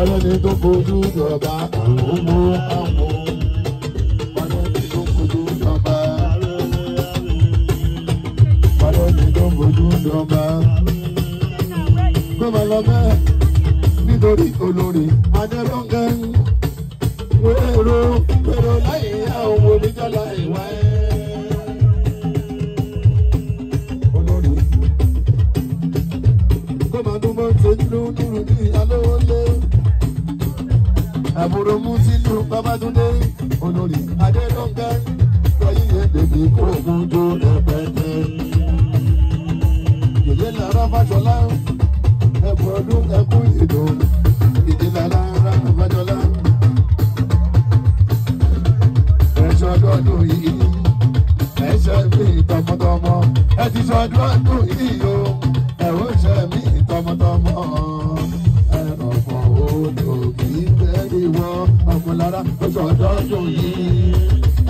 ọba lẹ́ni tó fojú jọba àmúmú àmú. Balẹ̀ni nítorí olórí Adébọ́nkẹ́. Wéró wéró láyé àwọn oníjọ́lá ìwà ẹ̀. Ọ̀rọ̀ Músílù Babátúndé olórí Adélọ́gá lọ́yìn èdèdè kóògùn tó rẹpẹtẹ. Yèyé lára Fáṣọlá ẹ̀bùn ọdún ẹkún ìdò ìdílé lára Fáṣọlá. Ẹ̀ṣọ́ ọdún yìí ẹ̀ṣẹ́ gbé tọmọtọmọ ẹ ti sọ ọdún ọdún yìí o. ìwọ ọ̀gùnlára ó sọ ọ̀dọ́dún yìí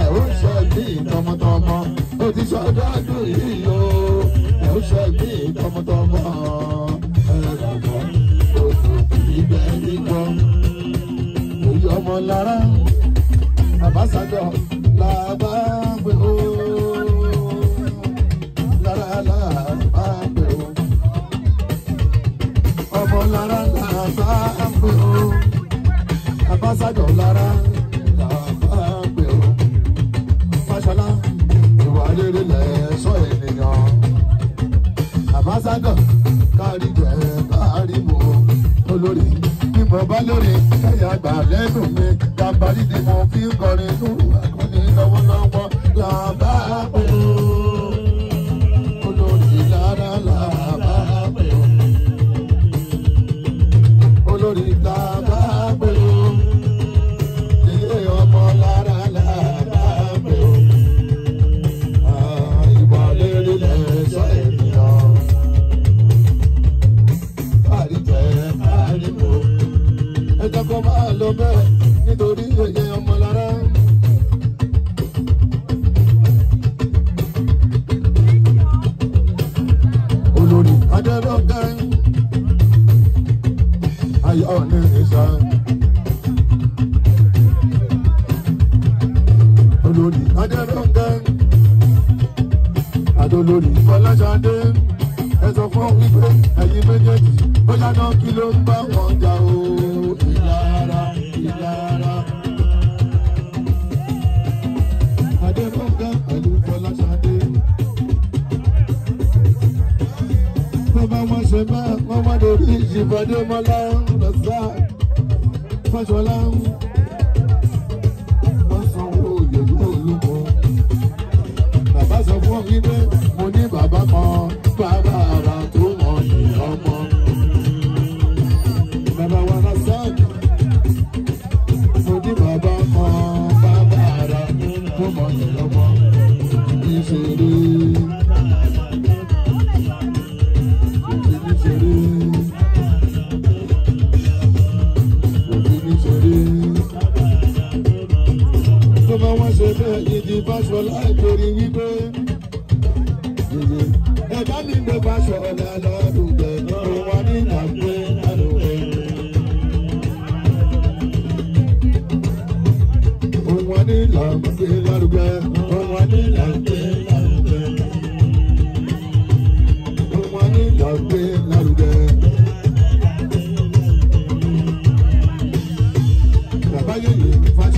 ẹ̀ ó sọ bí tọmọtọmọ ó ti sọ yìí o ẹ̀ ó sọ bí tọmọtọmọ ẹ̀rọ̀mọ́ òkú ibẹ̀ nígbọ́ òyì ọmọ lára àbáṣájọ làbọ̀. ẹ̀yin méjèèjì ó yáná kí ló ń bá wọn jà o ìyá ara ìyá ara. Adébọ́ngá pẹ̀lú Fọláṣadé. Wọ́n bá wọn ṣe bá wọn wá lórí ìṣèpàdé ọmọlá lọ́sà Fọ́ṣọlá. Fáṣọlá ìtorí wípé ẹ̀dá ní gbé Fáṣọlá lọ́dún tẹ̀lé wa ní ìdàgbé àlùkò. Òun wa ní ìlàgbé lárugẹ. Òun wa ní ìlàgbé lárugẹ. Òun wa ní ìlàgbé lárugẹ. Bàbá yóò yẹ Fáṣọlá.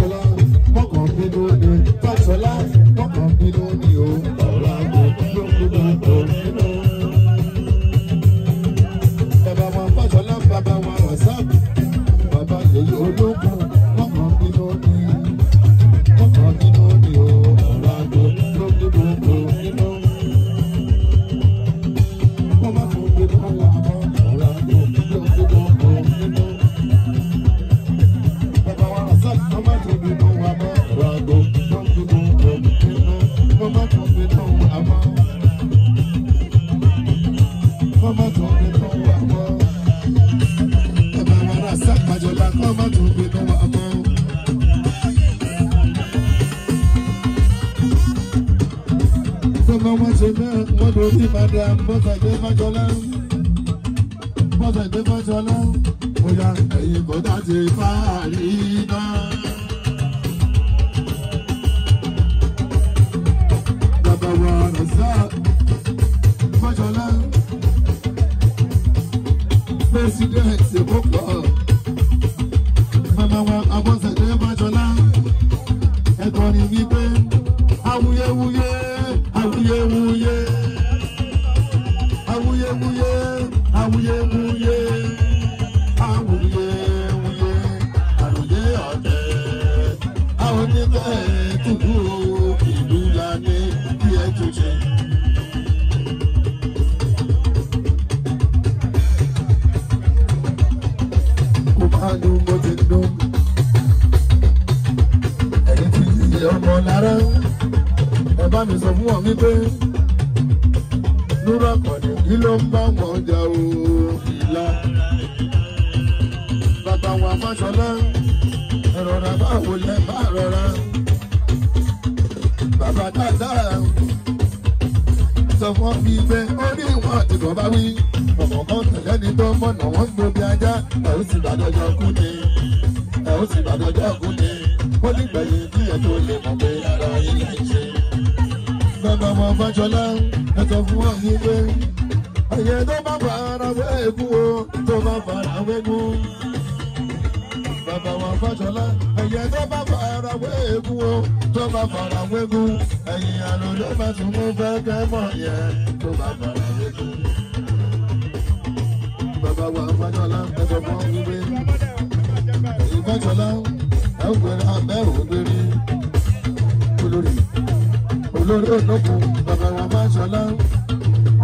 lórí madam bọ́sàgbé fájọlá bọ́sàgbé fájọlá bóyá ẹ̀yin kò dá ti fáàrí náà. bàbá wa rẹ̀ sáà fájọlá president èkó pọ̀ mama wa Abọ́sẹ̀dé Bájọlá ẹ̀kọ́ ni wípé awuyewuye awuyewuye awuyewuye awuyewuye. bá mi sọ fún wọn wípé lúrọ̀ kọ̀dé kí ló ń bá wọn jà o ìlà. bàbá wa fàṣọlá ẹ̀rọ̀ra bá wò lẹ́ bá rọra. bàbá tàtà sọ fún ọ fi gbé ó ní ìwọ̀n àti kò wí. ọ̀pọ̀ tẹ̀lé ní tó mọ̀nà wọ́n ń gbóbi ajá ẹ̀ ó sì bàdọ́jọ́ kú ni ẹ̀ ó sì bàdọ́jọ́ kú ni ó nígbẹ̀yìn kí ẹ̀ tó lè mọ̀ pé ara ilé ń ṣe bàbá wọn fàjọlá ẹ sọ fún wọn yín pé àyè tó bá fara wé kú o tó bá fara wé kú. bàbá wọn fàjọlá àyè tó bá fara wé kú o tó bá fara wé kú. ẹ̀yìn àlùjọ bá tún mú fẹ́ kẹ́ mọ̀ yẹ tó bá fara wé kú. bàbá wọn fàjọlá ẹ sọ fún wọn yín pé ìfàjọlá ẹ gbéra bẹ́ẹ̀ ò gbérí olórí lórí òdòkú bàbá wa máa ṣọlá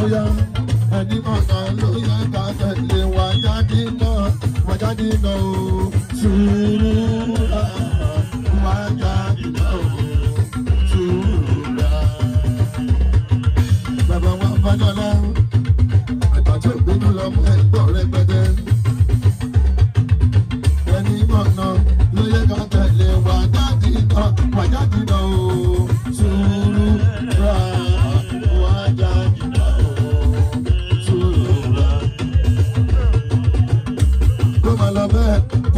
ó yá ẹni mọ̀nà ló yẹ ká tẹ̀lé wa jáde náà wa jáde náà ó sùúrù wa jáde náà ó sùúrù rà. Ah. bàbá wa fọlọ́lá àgbà tó gbójú lọ mú ẹgbọ́ rẹpẹtẹ. ẹni mọ̀nà ló yẹ ká tẹ̀lé wa jáde náà wa jáde náà ó.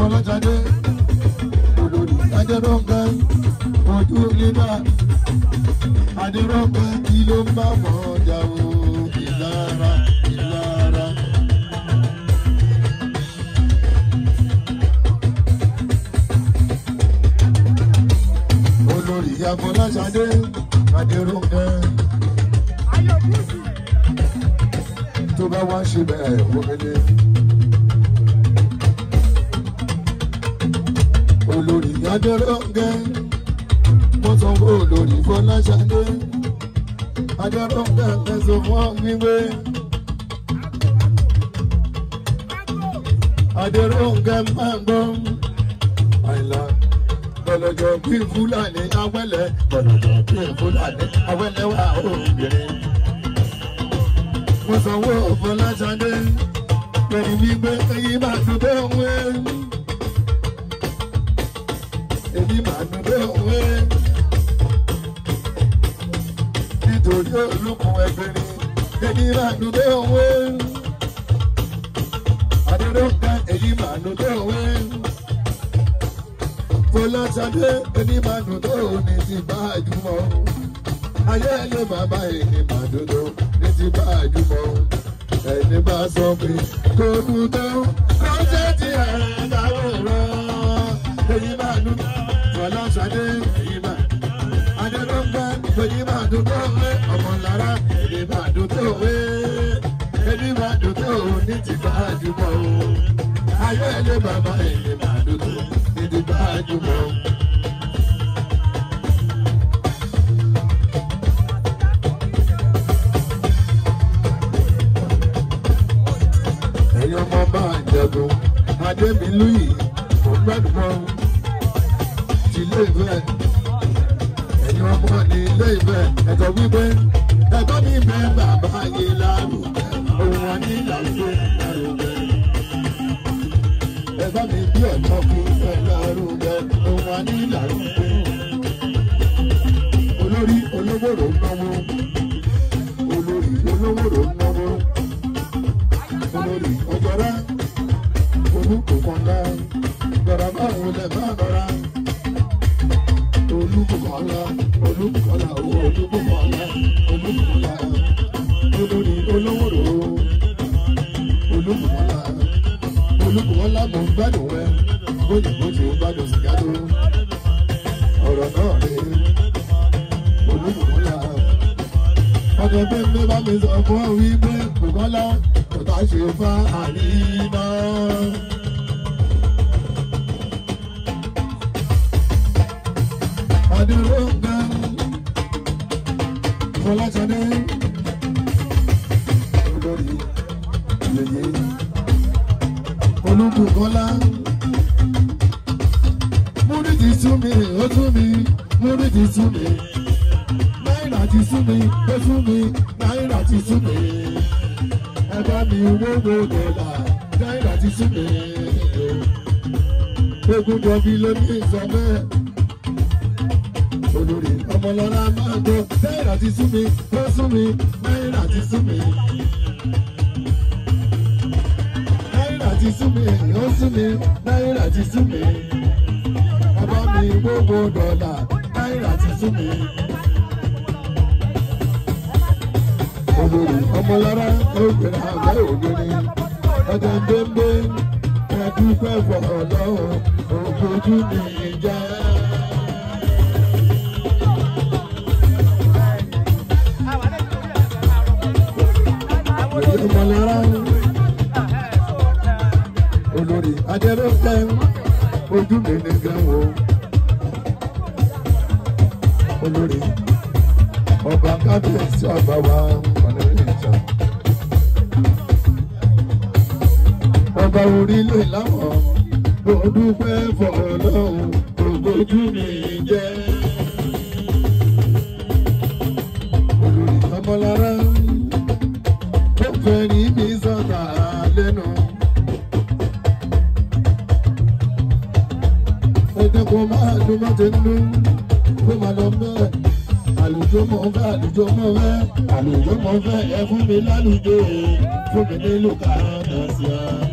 ọlọ́jàdé ajẹ́rọ̀ǹgá ojú lílá adérọ̀ǹgá kí ló ń bá mọ́ ọjà o ìlara ìlara. olórí afọláṣadé adérọ̀ǹgá. tó bá wá ṣe bẹ́ẹ̀ wọ́n adẹ́rọ̀ǹgẹ́ mo tún kó lórí fọláṣadé adẹ́rọ̀ǹgẹ́ fẹsọ̀ fún gbígbé adẹ́rọ̀ǹgẹ́ máa gbọ́ àìlá bọ̀lọ̀jọ̀ bí fúlàní awẹ́lẹ̀ bọ̀lọ̀jọ̀ bí fúlàní awẹ́lẹ̀ wà obìnrin mo sanwó fọláṣadé pẹ̀lú gbígbé èyí bá ti bẹ́ẹ̀ wé nítorí màdúgbé òwe nítorí olùkùn ẹgbẹrin èyí màdúgbé òwe adédọ́gba èyí màdúgbé òwe fọláṣadé èyí màdúgbé òní ti bá àjùmọ̀ ayé ẹni bàbá èyí màdúgbé ní ti bá àjùmọ̀ ẹni bá sọ pé kò dúdú kọ́ńtẹ́ẹ̀tì ẹ̀ ń dáwọ̀ rán èyí màdúgbé ọlọ́sàdé ìbà adẹ́gbẹ́gbẹ́ fèyíbà dúdú òwe ọmọ lára ìbà dúdú òwe ìbà dúdú òwe ní ti bá àdúgbò o ayé ilé bàbá ìbà dúdú ní ti bá àdúgbò o. ẹ̀yin ọmọ bá ń jagun adébílú yìí kò gbàdúrà ilé ìfẹ́ ẹ̀yin ọmọ ní ilé ìfẹ́ ẹ̀kọ́ wípé ẹ̀kọ́ ní ìfẹ́ bàbá yìí lárugẹ òun wọn ní ìlàsẹ̀ lárugẹ ẹ̀kọ́ ní bí ọ̀tọ́ kú fẹ́ lárugẹ òun wọn ní ìlàsẹ̀ olórí olówó rò ń náwó olórí olówó náà. Olúkọ̀lá Olúkọ̀lá Olúbùkọ̀lá Olúkọ̀lá gbogbo ni olówóró Olúkọ̀lá Olúkọ̀lá mo ń gbádùn ẹ bóyá mo ti ń gbádùn sìgá tó ọ̀rọ̀ náà rè Olúkọ̀lá ọ̀dọ̀ pépé bá mi sọ fún wípé Bùkọ́lá kò tá ṣe fá Bùkọ́lá. muri ti sú mi, ó sú mi, múrí ti sú mi. Náírà ti sú mi, ó sú mi, náírà ti sú mi. Ẹ bá mi wọ́wọ́ dọ̀là, náírà ti sú mi. Ogun dọ̀bí ló ní ìsọ bẹ́ẹ̀. Olórí máa gbọ́, náírà ti sú mi, ó sú ti sú ti sú mi ó sú mi náírà ti sú mi bàbá mi gbogbo dọ́là náírà ti sú mi. olórí ọmọlára ló gbéra àgbẹ̀ ògiri ọjọ́ déńdé ẹ̀dúpẹ́ ògbójú mi jẹ́. ọmọlára lórí ajẹ́rẹ́ fẹ́ ojú mi ní gẹ̀wò olórí ọba kábíyèsí ọba wa ọ̀nẹ́rẹ́lẹ́ta ọba orílẹ̀ láwọn mo dúpẹ́ fọlọ́run ògbójú mi jẹ́. ọdún mọ́ ti ń lú ló máa lọ bẹ́ẹ̀ àlùjọ mọ̀ fẹ́ àlùjọ mọ̀ fẹ́ àlùjọ mọ̀ fẹ́ ẹ fún mi lálùjọ fún mi nílùú kàánà sí i.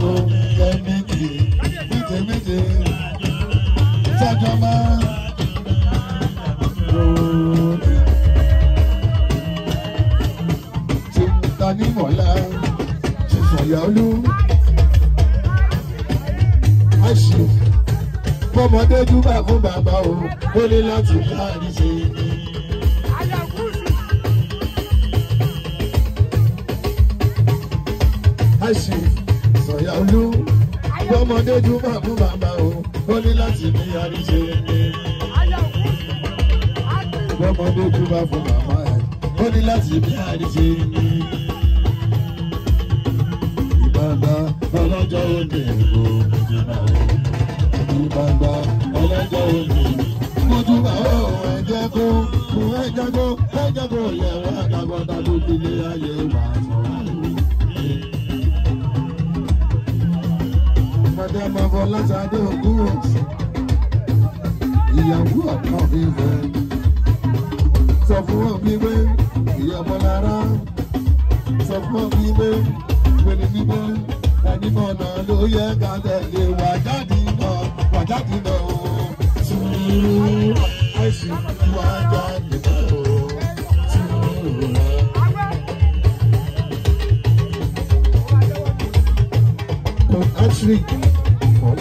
kó jẹ méje méje méje jẹjọ máa lóore tí ta ní mọ̀lá tí sọ̀yà olú àṣì fún bàbá o ó ní láti ká àdìsẹ́. elédùnmá fún bàbá o ó ní láti ní àríṣe ni. bọ́mọdé dúbà fún bàbá ẹ̀ ó ní láti ní àríṣe ni. ìbàdà ọlọ́jọ́ òde ìbò ìjọba ìbàdà ọlọ́jọ́ òde mojúbà ó ẹ̀jẹ̀ kó ẹ̀jẹ̀ kó ẹ̀jẹ̀ kó lẹ̀ wá àtàgbọ̀tà lójú ilé ayé wà mọ́. Adama Fọláṣadé Ògúnwùsì ìyàwó ọ̀kan fífẹ́ sọ fún wọn wípé ìyàbọ̀lára sọ fún wọn wípé pèlè wípé ẹnìmọ̀ náà ló yẹ ká tẹ̀lé wàjáde náà wàjáde náà o tùrù àìsí wàjáde náà o tùrù náà. Actually.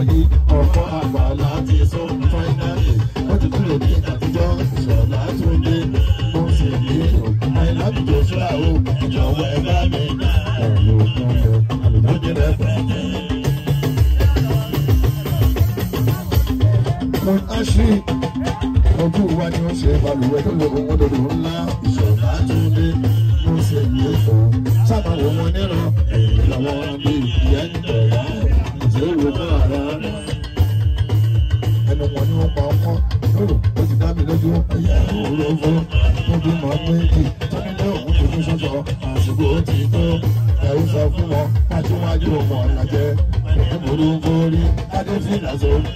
wọ̀nyí ọ̀pọ̀ àgbà láti sọ fáínàlì wọ́n ti kúrò ní àtijọ́ ìṣọ̀lá tó dé ó sì ní òkun náírà tó ṣúra ó ìjọba ẹ bá mi ẹ̀rọ kan lọ àlùkò jẹrẹ pẹ̀lẹ́. Kọ́n Áṣí ojú wa ni ó ṣe balùwẹ̀ tó lo ohun odò ńlá ìṣọ̀lá tó dé ó sì ní òkun sábà wọ́n wọn níran èyí làwọn bí ìyá ń tọ̀ èrò bàrà ẹnu wọn ni wọn pa ọkọ lóru ó ti dá mi lójú ẹyẹ òru ọgbọ mo bí mọ méjì tọ́nílẹ̀ òkú tuntun sọ́sọ́ àsìkò ti tó ẹ̀rù sọ fún wọn pàṣẹwájú ọmọ ọ̀làjẹ òkúburú borí adéfìlà sórí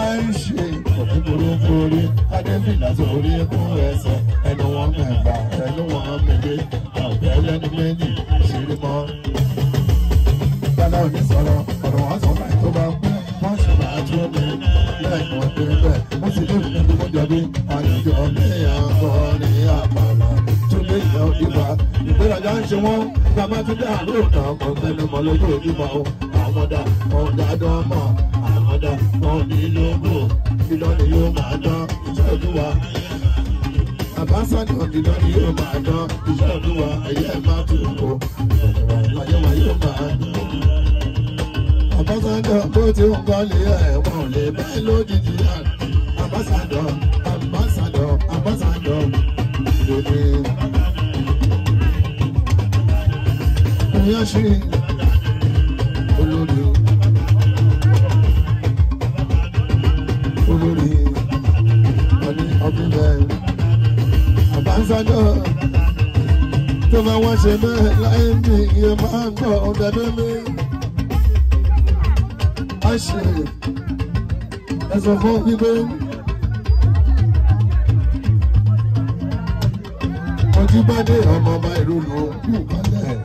àìṣe òkúburú borí adéfìlà sórí ẹkún ẹsẹ̀ ẹnu wọn mẹ́fà ẹnu wọn méje àbẹ̀lẹ́nu méjì ṣírí mọ́ náà ní sọ̀rọ̀ ọ̀rọ̀ wọn sọ báyìí tó bá kú wọ́n sọ bá tó dé bẹ́ẹ̀ kò dé bẹ́ẹ̀ ó sì lè fún mi mọ́jọ bí àjọ mi àgọ́ ní àpàlà tó lè yọ ìwà ìgbéraga ń ṣe wọ́n bàbá tó dé àlọ́ kan kò tẹnu mọ́ lójú ìmọ̀ o àmọ́dá ọ̀dà dánmọ̀ àmọ́dá wọn ní lógo ìlọ́ni yóò máa dán ìṣẹ́jú wa. Abásáni ọ̀dìdọ́ ni yóò máa dán iṣẹ́ olúwa ẹ̀yẹ ẹ̀ má tó kó. Àyẹ̀wò yóò máa dán. Abásáni bó ti ń kọ́lé ẹ̀wọ̀n ò lè bẹ́ẹ̀ lójijì náà. Abásáni Abásáni lóde. Ìyá sọ́jọ́ tó máa wá ṣe bẹ́ẹ̀ láyé mi ìyẹn máa me. I ọ̀dàbẹ́ as a ṣe ẹ̀sọ̀ fún gbígbé. Ojíbádé ọmọ ọba ìrònú kù kálẹ̀.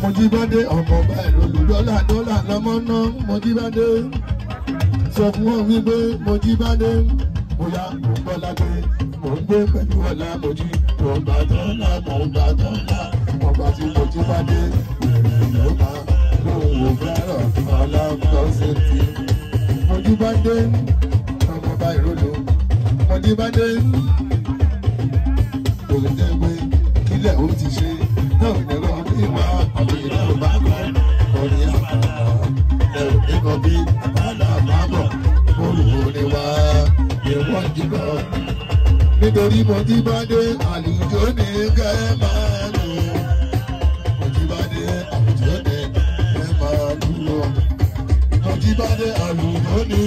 Mojíbádé ọmọ ọba ìrònú dọ́là dọ́là lọ́mọ náà Mojíbádé sọ fún wọn wípé Mojíbádé bóyá mò ń bọ́lá gbé mò ń gbé pẹ̀lú ọ̀la mojí mò ń gbàtọ́ ńlá mò ń gbàtọ́ ńlá ọba tí mo ti bá dé bẹ̀rẹ̀ ló pa lóun ò fẹ́ràn ọlọ́pàá ṣe ti. mojí bá dé ọmọ bá ìrólò mojí bá dé kò lè jẹ́ pé kílẹ̀ ó ti ṣe náà ìdẹ̀rọ ọdún ìwà ọ̀gbìn náà bá kọ́ ọ̀rìn àpàlà ẹ̀rọ ìkọ̀bí àpàlà àbábọ̀ olùwòrán wa yẹ̀wọ́ jùlọ. Nítorí mo ti bá dé àlùjọ ní kẹ́ máa lò. Mo ti bá dé àlùjọ ní kẹ́ máa lò. Mo ti bá dé àlùjọ ní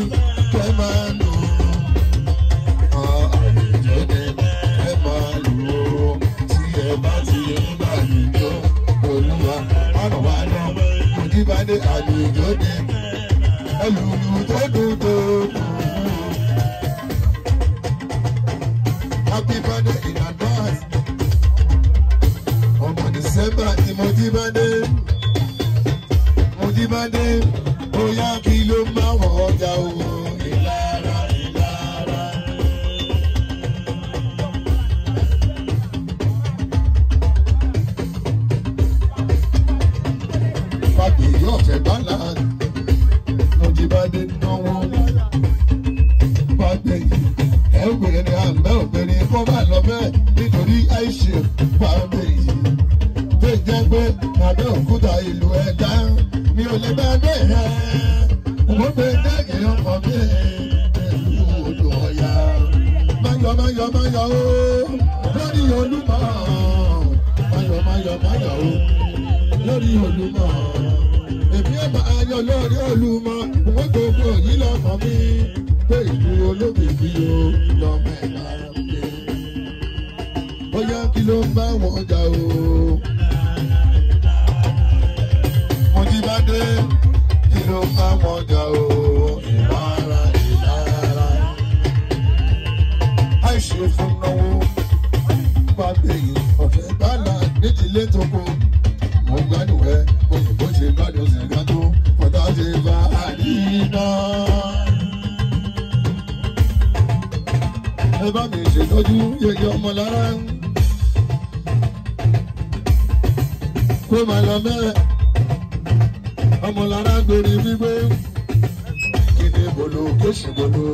kẹ́ máa lò. Àlùjọ ní kẹ́ tó dùn happy birthday in advance. Ọmọ December ni mo ti bá dé. Mo ti bá dé. Bóyá kí ló máa wọ̀ ọjà owó. fàbèyí tó jẹ́ pé Abẹ́òkúta ìlú ẹ̀dá mi ò lè bá bẹ́ẹ̀ mo gbé jáde ọkọ̀ mi ìlú odò ọ̀yà máyọ̀ máyọ̀ máyọ̀ o lórí Olúmọ máyọ̀ máyọ̀ máyọ̀ o lórí Olúmọ èmi ò máa yọ̀ lórí Olúmọ mo gbogbo yìí lọ́mọ mi pé ìlú olókìkí o lọ́mọ ẹ̀ka bóyá kí ló ń bá wọn jà o. mo ti bá dé kí ló ń bá wọn jà o. ìmọ̀ràn ìlara àìṣe fún náwó bá bẹ̀yìn ọ̀fẹ́ bàlá ní tilé tó kọ. mo gbádùn ẹ òyìnbó ṣe gbádùn sí gàtó pọ̀tà ṣe bá àdínà. ẹ bá mi ṣètọ́jú yẹ̀yẹ́ ọmọ ń. kó máa lọ bẹ́ẹ̀ ọmọlára gbèrè gbígbé kíni bolo kóṣì bolo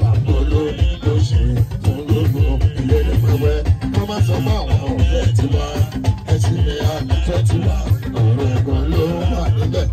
bàbolo kóṣì fún gbogbo ilé ìfẹ́wẹ́ kó má sọ fún àwọn ọ̀rẹ́ tiwa ẹ̀sìn ní àná tó tiwa ọ̀rọ̀ ẹ̀gbọ́n ló wà níbẹ̀.